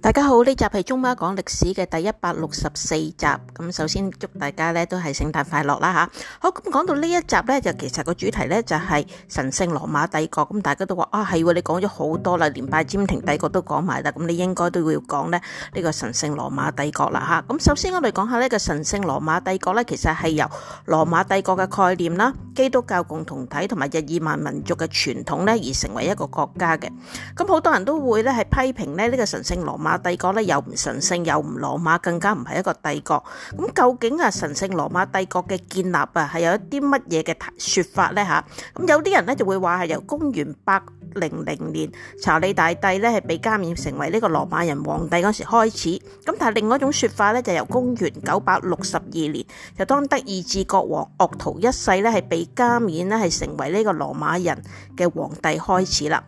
大家好，呢集係中媽講歷史嘅第一百六十四集。咁首先祝大家呢都係聖誕快樂啦吓。好，咁講到呢一集呢，就其實個主題呢就係神聖羅馬帝國。咁大家都話啊係，你講咗好多啦，連拜占庭帝國都講埋啦。咁你應該都會講呢呢個神聖羅馬帝國啦吓。咁首先我哋講下呢個神聖羅馬帝國呢，其實係由羅馬帝國嘅概念啦、基督教共同體同埋日耳曼民族嘅傳統呢而成為一個國家嘅。咁好多人都會呢係批評呢呢個神聖羅馬。馬帝國咧，又唔神聖，又唔羅馬，更加唔係一個帝國。咁究竟啊神聖羅馬帝國嘅建立啊係有一啲乜嘢嘅說法呢？吓？咁有啲人咧，就會話係由公元八零零年查理大帝咧，係被加冕成為呢個羅馬人皇帝嗰時開始。咁但係另外一種說法咧，就由公元九百六十二年，就當德意志國王奧圖一世咧，係被加冕呢，係成為呢個羅馬人嘅皇帝開始啦。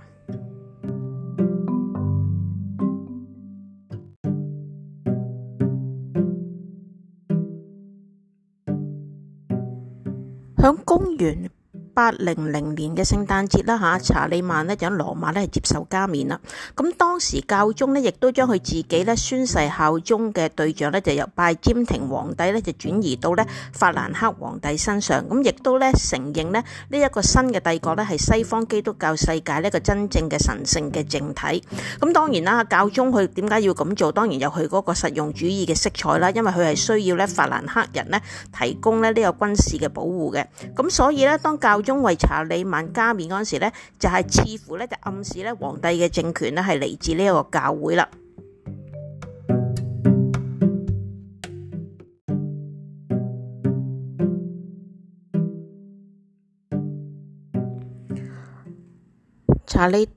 喺公園。八零零年嘅聖誕節啦嚇，查理曼呢，就喺羅馬呢係接受加冕啦。咁當時教宗呢，亦都將佢自己呢宣誓效忠嘅對象呢，就由拜占庭皇帝呢，就轉移到呢法蘭克皇帝身上。咁亦都呢，承認呢，呢一個新嘅帝國呢，係西方基督教世界呢一個真正嘅神聖嘅政體。咁當然啦，教宗佢點解要咁做？當然有佢嗰個實用主義嘅色彩啦，因為佢係需要呢法蘭克人呢，提供呢呢個軍事嘅保護嘅。咁所以呢，當教宗。因為查理曼加冕嗰時呢，就係、是、似乎呢，就暗示呢皇帝嘅政權呢，係嚟自呢個教會啦。查理。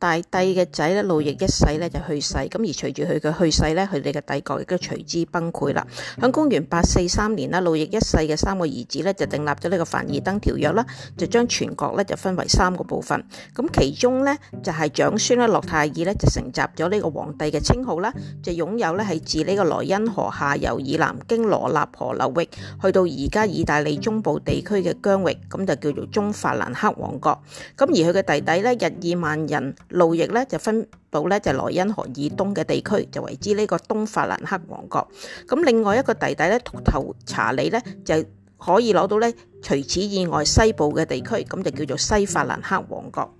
大帝嘅仔咧，路易一世咧就去世，咁而隨住佢嘅去世咧，佢哋嘅帝國亦都隨之崩潰啦。響公元八四三年啦，路易一世嘅三個兒子咧就訂立咗呢個凡爾登條約啦，就將全國咧就分為三個部分。咁其中咧就係長孫咧洛泰爾咧就承襲咗呢個皇帝嘅稱號啦，就擁有咧係自呢個萊茵河下游以南經羅納河流域去到而家意大利中部地區嘅疆域，咁就叫做中法蘭克王國。咁而佢嘅弟弟咧日耳曼人。路易咧就分到咧就萊茵河以東嘅地區，就為之呢個東法蘭克王國。咁另外一個弟弟咧，禿頭查理咧就可以攞到咧，除此以外西部嘅地區，咁就叫做西法蘭克王國。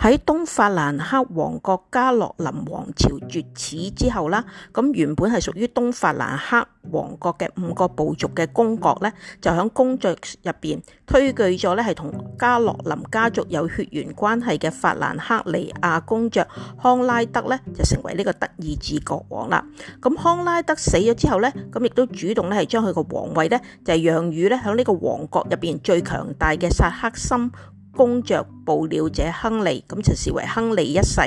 喺東法蘭克王國加洛林王朝絕始之後啦，咁原本係屬於東法蘭克王國嘅五個部族嘅公國咧，就喺公爵入邊推舉咗咧，係同加洛林家族有血緣關係嘅法蘭克尼亞公爵康拉德咧，就成為呢個德意志國王啦。咁康拉德死咗之後咧，咁亦都主動咧係將佢個皇位咧就係讓與咧響呢個王國入邊最強大嘅薩克森公爵。布料者亨利，咁就視為亨利一世。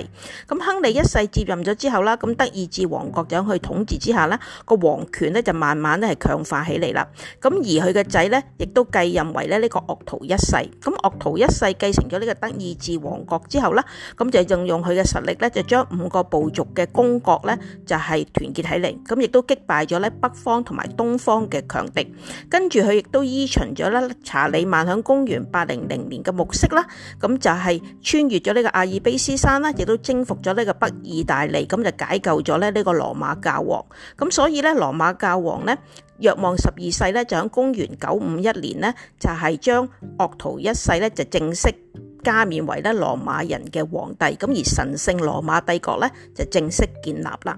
咁亨利一世接任咗之後啦，咁德意志王國就去統治之下啦，個王權呢就慢慢咧係強化起嚟啦。咁而佢嘅仔呢，亦都繼任為咧呢個惡徒一世。咁惡徒一世繼承咗呢個德意志王國之後啦，咁就應用佢嘅實力呢，就將五個部族嘅公國呢，就係團結起嚟。咁亦都擊敗咗咧北方同埋東方嘅強敵。跟住佢亦都依循咗咧查理曼喺公元八零零年嘅模式啦。咁就係穿越咗呢個阿爾卑斯山啦，亦都征服咗呢個北意大利，咁就解救咗咧呢個羅馬教皇。咁所以咧，羅馬教皇咧，若望十二世咧，就喺公元九五一年咧，就係將惡徒一世咧，就正式加冕為咧羅馬人嘅皇帝。咁而神聖羅馬帝國咧，就正式建立啦。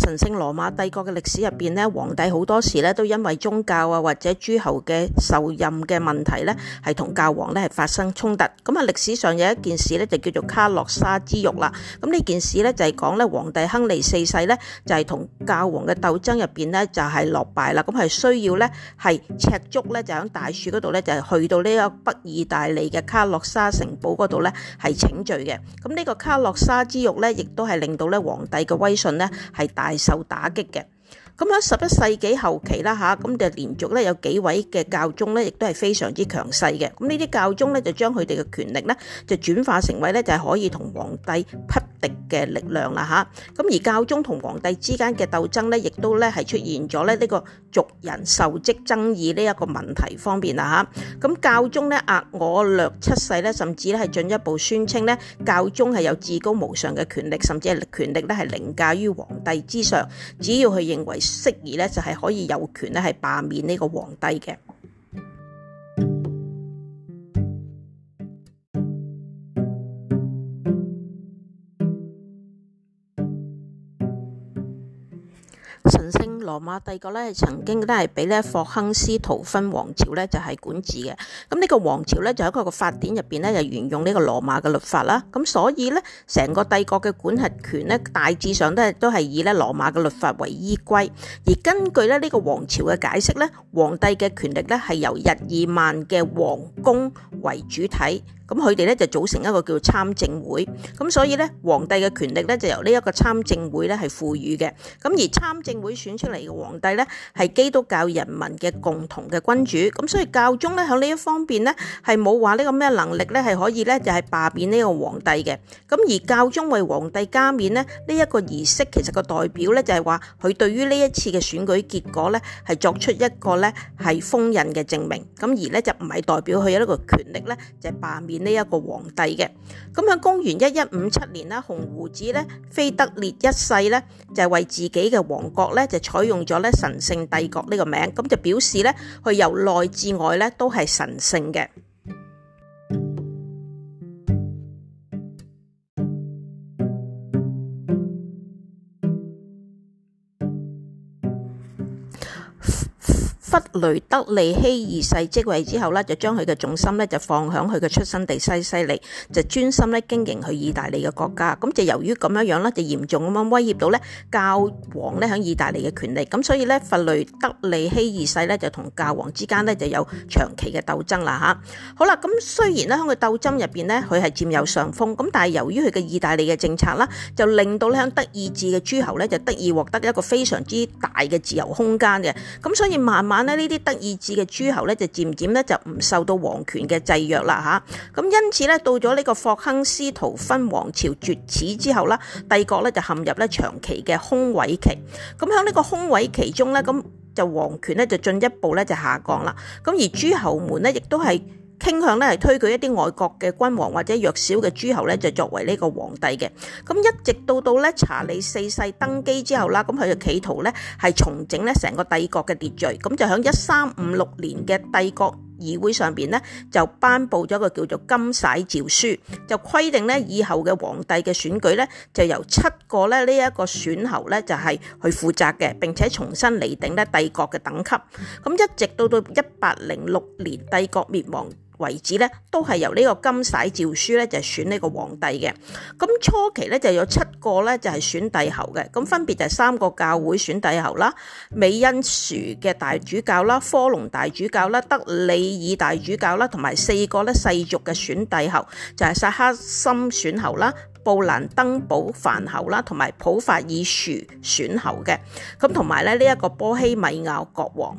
神聖羅馬帝國嘅歷史入邊咧，皇帝好多時咧都因為宗教啊或者諸侯嘅授任嘅問題咧，係同教皇呢係發生衝突。咁啊，歷史上有一件事呢，就叫做卡洛沙之辱啦。咁呢件事呢，就係講呢皇帝亨利四世呢，就係同教皇嘅鬥爭入邊呢，就係落敗啦。咁係需要呢，係赤足呢，就喺大樹嗰度呢，就係去到呢個北意大利嘅卡洛沙城堡嗰度呢，係請罪嘅。咁呢個卡洛沙之辱呢，亦都係令到呢皇帝嘅威信呢，係大。係受打擊嘅，咁喺十一世紀後期啦嚇，咁就連續呢有幾位嘅教宗呢，亦都係非常之強勢嘅。咁呢啲教宗呢就將佢哋嘅權力呢就轉化成為呢就係可以同皇帝匹敵嘅力量啦，吓咁而教宗同皇帝之間嘅鬥爭咧，亦都咧係出現咗咧呢個俗人受職爭議呢一個問題方面啦，吓咁教宗咧壓我略七世咧，甚至咧係進一步宣稱咧教宗係有至高無上嘅權力，甚至係權力咧係凌駕於皇帝之上，只要佢認為適宜咧，就係、是、可以有權咧係罷免呢個皇帝嘅。神聖羅馬帝國咧曾經都係俾咧霍亨斯陶芬王朝咧就係管治嘅，咁呢個王朝咧就喺佢個法典入邊咧就沿用呢個羅馬嘅律法啦，咁所以咧成個帝國嘅管轄權咧大致上都係都係以咧羅馬嘅律法為依歸，而根據咧呢個王朝嘅解釋咧，皇帝嘅權力咧係由日耳曼嘅皇宮為主體。咁佢哋咧就組成一個叫參政會，咁所以咧皇帝嘅權力咧就由呢一個參政會咧係賦予嘅。咁而參政會選出嚟嘅皇帝咧係基督教人民嘅共同嘅君主，咁所以教宗咧喺呢一方面咧係冇話呢個咩能力咧係可以咧就係罷免呢個皇帝嘅。咁而教宗為皇帝加冕咧呢一個儀式，其實個代表咧就係話佢對於呢一次嘅選舉結果咧係作出一個咧係封印嘅證明。咁而咧就唔係代表佢有呢個權力咧就係罷免。呢、這、一個皇帝嘅，咁喺公元一一五七年啦，紅鬍子咧腓特烈一世咧就係，為自己嘅王國咧就採用咗咧神聖帝國呢個名，咁就表示咧佢由內至外咧都係神聖嘅。弗雷德利希二世即位之後咧，就將佢嘅重心咧就放喺佢嘅出生地西西里，就專心咧經營佢意大利嘅國家。咁就由於咁樣樣咧，就嚴重咁樣威脅到咧教皇咧喺意大利嘅權利。咁所以咧，弗雷德利希二世咧就同教皇之間咧就有長期嘅鬥爭啦嚇。好啦，咁雖然咧喺佢鬥爭入邊咧，佢係佔有上風。咁但係由於佢嘅意大利嘅政策啦，就令到咧喺德意志嘅諸侯咧就得以獲得一個非常之大嘅自由空間嘅。咁所以慢慢。呢啲德意志嘅諸侯咧就漸漸咧就唔受到皇權嘅制約啦吓，咁因此咧到咗呢個霍亨斯陶芬王朝絕嗣之後啦，帝國咧就陷入咧長期嘅空位期，咁喺呢個空位期中咧，咁就皇權咧就進一步咧就下降啦，咁而諸侯們咧亦都係。傾向咧係推舉一啲外國嘅君王或者弱小嘅諸侯咧，就作為呢個皇帝嘅。咁一直到到咧查理四世登基之後啦，咁佢就企圖咧係重整咧成個帝國嘅秩序。咁就喺一三五六年嘅帝國議會上邊咧就頒布咗一個叫做《金璽詔書》，就規定咧以後嘅皇帝嘅選舉咧就由七個咧呢一個選侯咧就係去負責嘅。並且重新釐定咧帝國嘅等級。咁一直到到一八零六年帝國滅亡為止咧都係由呢個金璽詔書咧就係選呢個皇帝嘅。咁初期咧就有七個咧就係選帝侯嘅，咁分別就係三個教會選帝侯啦，美因殊嘅大主教啦，科隆大主教啦，德里爾大主教啦，同埋四個咧世俗嘅選帝侯，就係、是、薩克森選侯啦、布蘭登堡藩侯啦，同埋普法爾殊選侯嘅。咁同埋咧呢一個波希米亞國王。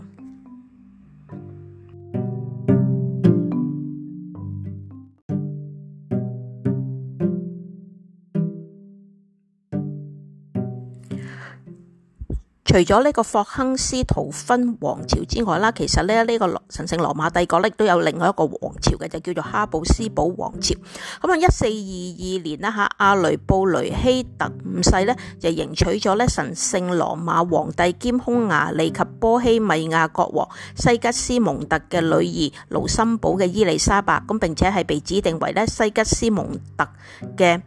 除咗呢個霍亨斯陶芬王朝之外啦，其實咧呢個羅神聖羅馬帝國咧都有另外一個王朝嘅，就叫做哈布斯堡王朝。咁啊，一四二二年啦嚇，阿雷布雷希特五世呢，就迎娶咗咧神聖羅馬皇帝兼匈牙利及波希米亞國王西吉斯蒙特嘅女兒盧森堡嘅伊麗莎白，咁並且係被指定為咧西吉斯蒙特嘅。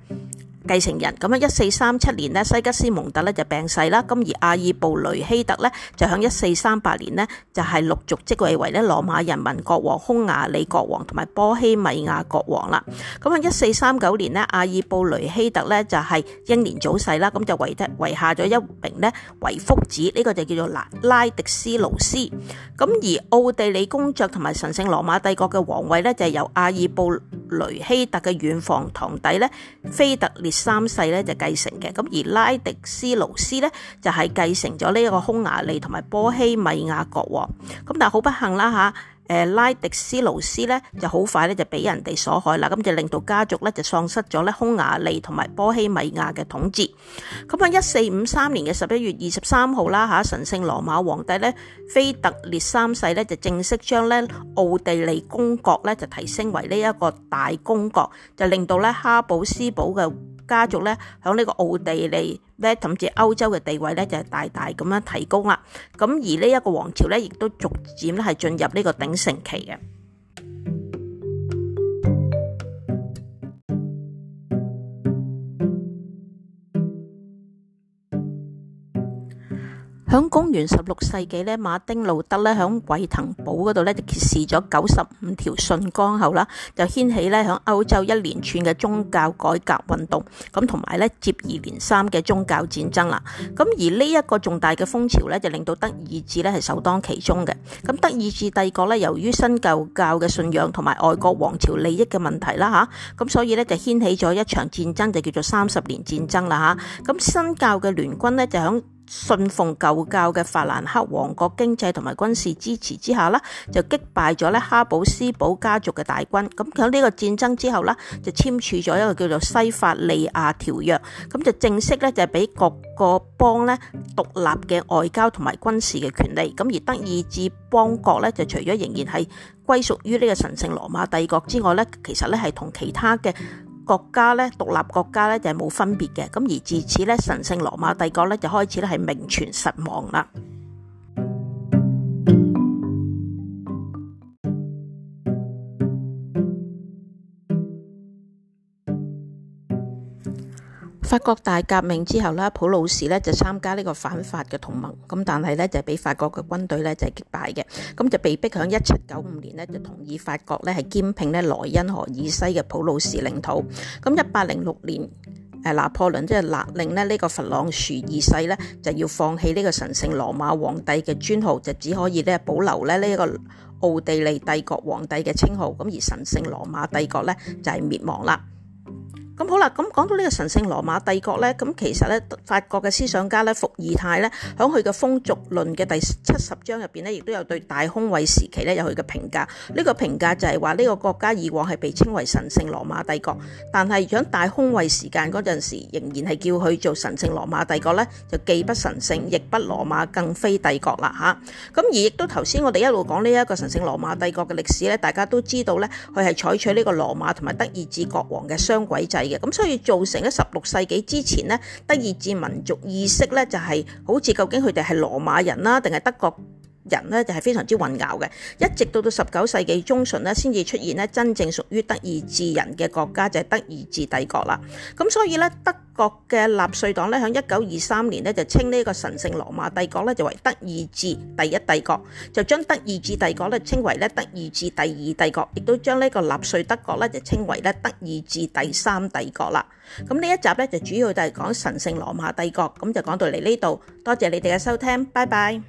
繼承人咁喺，一四三七年呢，西吉斯蒙特呢就病逝啦。咁而阿爾布雷希特呢，就喺一四三八年呢，就係陸續即位為呢羅馬人民國王、匈牙利國王同埋波希米亞國王啦。咁喺一四三九年呢，阿爾布雷希特呢，就係英年早逝啦。咁就遺下下咗一名呢遺腹子，呢、呢個就叫做拉拉迪斯勞斯。咁而奧地利公爵同埋神聖羅馬帝國嘅皇位呢，就係、是、由阿爾布雷希特嘅遠房堂弟呢。菲特列。三世咧就繼承嘅，咁，而拉迪斯勞斯咧就係繼承咗呢一個匈牙利同埋波希米亞國王。咁但係好不幸啦嚇，誒拉迪斯勞斯咧就好快咧就俾人哋所害啦，咁就令到家族咧就喪失咗咧匈牙利同埋波希米亞嘅統治。咁喺一四五三年嘅十一月二十三號啦嚇，神聖羅馬皇帝咧菲特列三世咧就正式將咧奧地利公國咧就提升為呢一個大公國，就令到咧哈布斯堡嘅。家族咧喺呢個奧地利咧，甚至歐洲嘅地位咧就係大大咁樣提高啦。咁而呢一個王朝咧，亦都逐漸咧係進入呢個鼎盛期嘅。喺公元十六世紀咧，馬丁路德咧喺維滕堡嗰度咧就揭示咗九十五條信綱後啦，就掀起咧喺歐洲一連串嘅宗教改革運動，咁同埋咧接二連三嘅宗教戰爭啦。咁而呢一個重大嘅風潮咧，就令到德意志咧係首當其衝嘅。咁德意志帝國咧，由於新舊教嘅信仰同埋外國王朝利益嘅問題啦，吓，咁所以咧就掀起咗一場戰爭，就叫做三十年戰爭啦，吓。咁新教嘅聯軍咧就喺信奉舊教嘅法蘭克王國經濟同埋軍事支持之下呢，就擊敗咗咧哈布斯堡家族嘅大軍。咁喺呢個戰爭之後呢，就簽署咗一個叫做《西法利亞條約》。咁就正式咧就係俾各個邦咧獨立嘅外交同埋軍事嘅權利。咁而德意志邦國咧就除咗仍然係歸屬於呢個神聖羅馬帝國之外咧，其實咧係同其他嘅國家咧獨立國家咧就係冇分別嘅，咁而自此咧，神聖羅馬帝國咧就開始咧係名存實亡啦。法國大革命之後啦，普魯士咧就參加呢個反法嘅同盟，咁但係咧就係俾法國嘅軍隊咧就係擊敗嘅，咁就被逼響一七九五年咧就同意法國咧係兼併咧萊茵河以西嘅普魯士領土，咁一八零六年誒拿破崙即係勒令咧呢個佛朗殊二世呢就要放棄呢個神聖羅馬皇帝嘅尊號，就只可以咧保留咧呢個奧地利帝國皇帝嘅稱號，咁而神聖羅馬帝國呢，就係滅亡啦。咁好啦，咁講到呢個神聖羅馬帝國呢，咁其實呢，法國嘅思想家呢，伏爾泰呢，喺佢嘅《風俗論》嘅第七十章入邊呢，亦都有對大空位時期呢有佢嘅評價。呢個評價就係話呢個國家以往係被稱為神聖羅馬帝國，但係喺大空位時間嗰陣時，仍然係叫佢做神聖羅馬帝國呢，就既不神聖，亦不羅馬，更非帝國啦嚇。咁而亦都頭先我哋一路講呢一個神聖羅馬帝國嘅歷史呢，大家都知道呢，佢係採取呢個羅馬同埋德意志國王嘅雙軌制。咁所以造成咧，十六世紀之前咧，德意志民族意識咧就係、是、好似究竟佢哋係羅馬人啦，定係德國人？人咧就係非常之混淆嘅，一直到到十九世紀中旬呢，先至出現咧真正屬於德意志人嘅國家就係德意志帝國啦。咁所以咧，德國嘅納粹黨咧響一九二三年咧就稱呢個神聖羅馬帝國咧就為德意志第一帝國，就將德意志帝國咧稱為咧德意志第二帝國，亦都將呢個納粹德國咧就稱為咧德意志第三帝國啦。咁呢一集咧就主要就係講神聖羅馬帝國，咁就講到嚟呢度，多謝你哋嘅收聽，拜拜。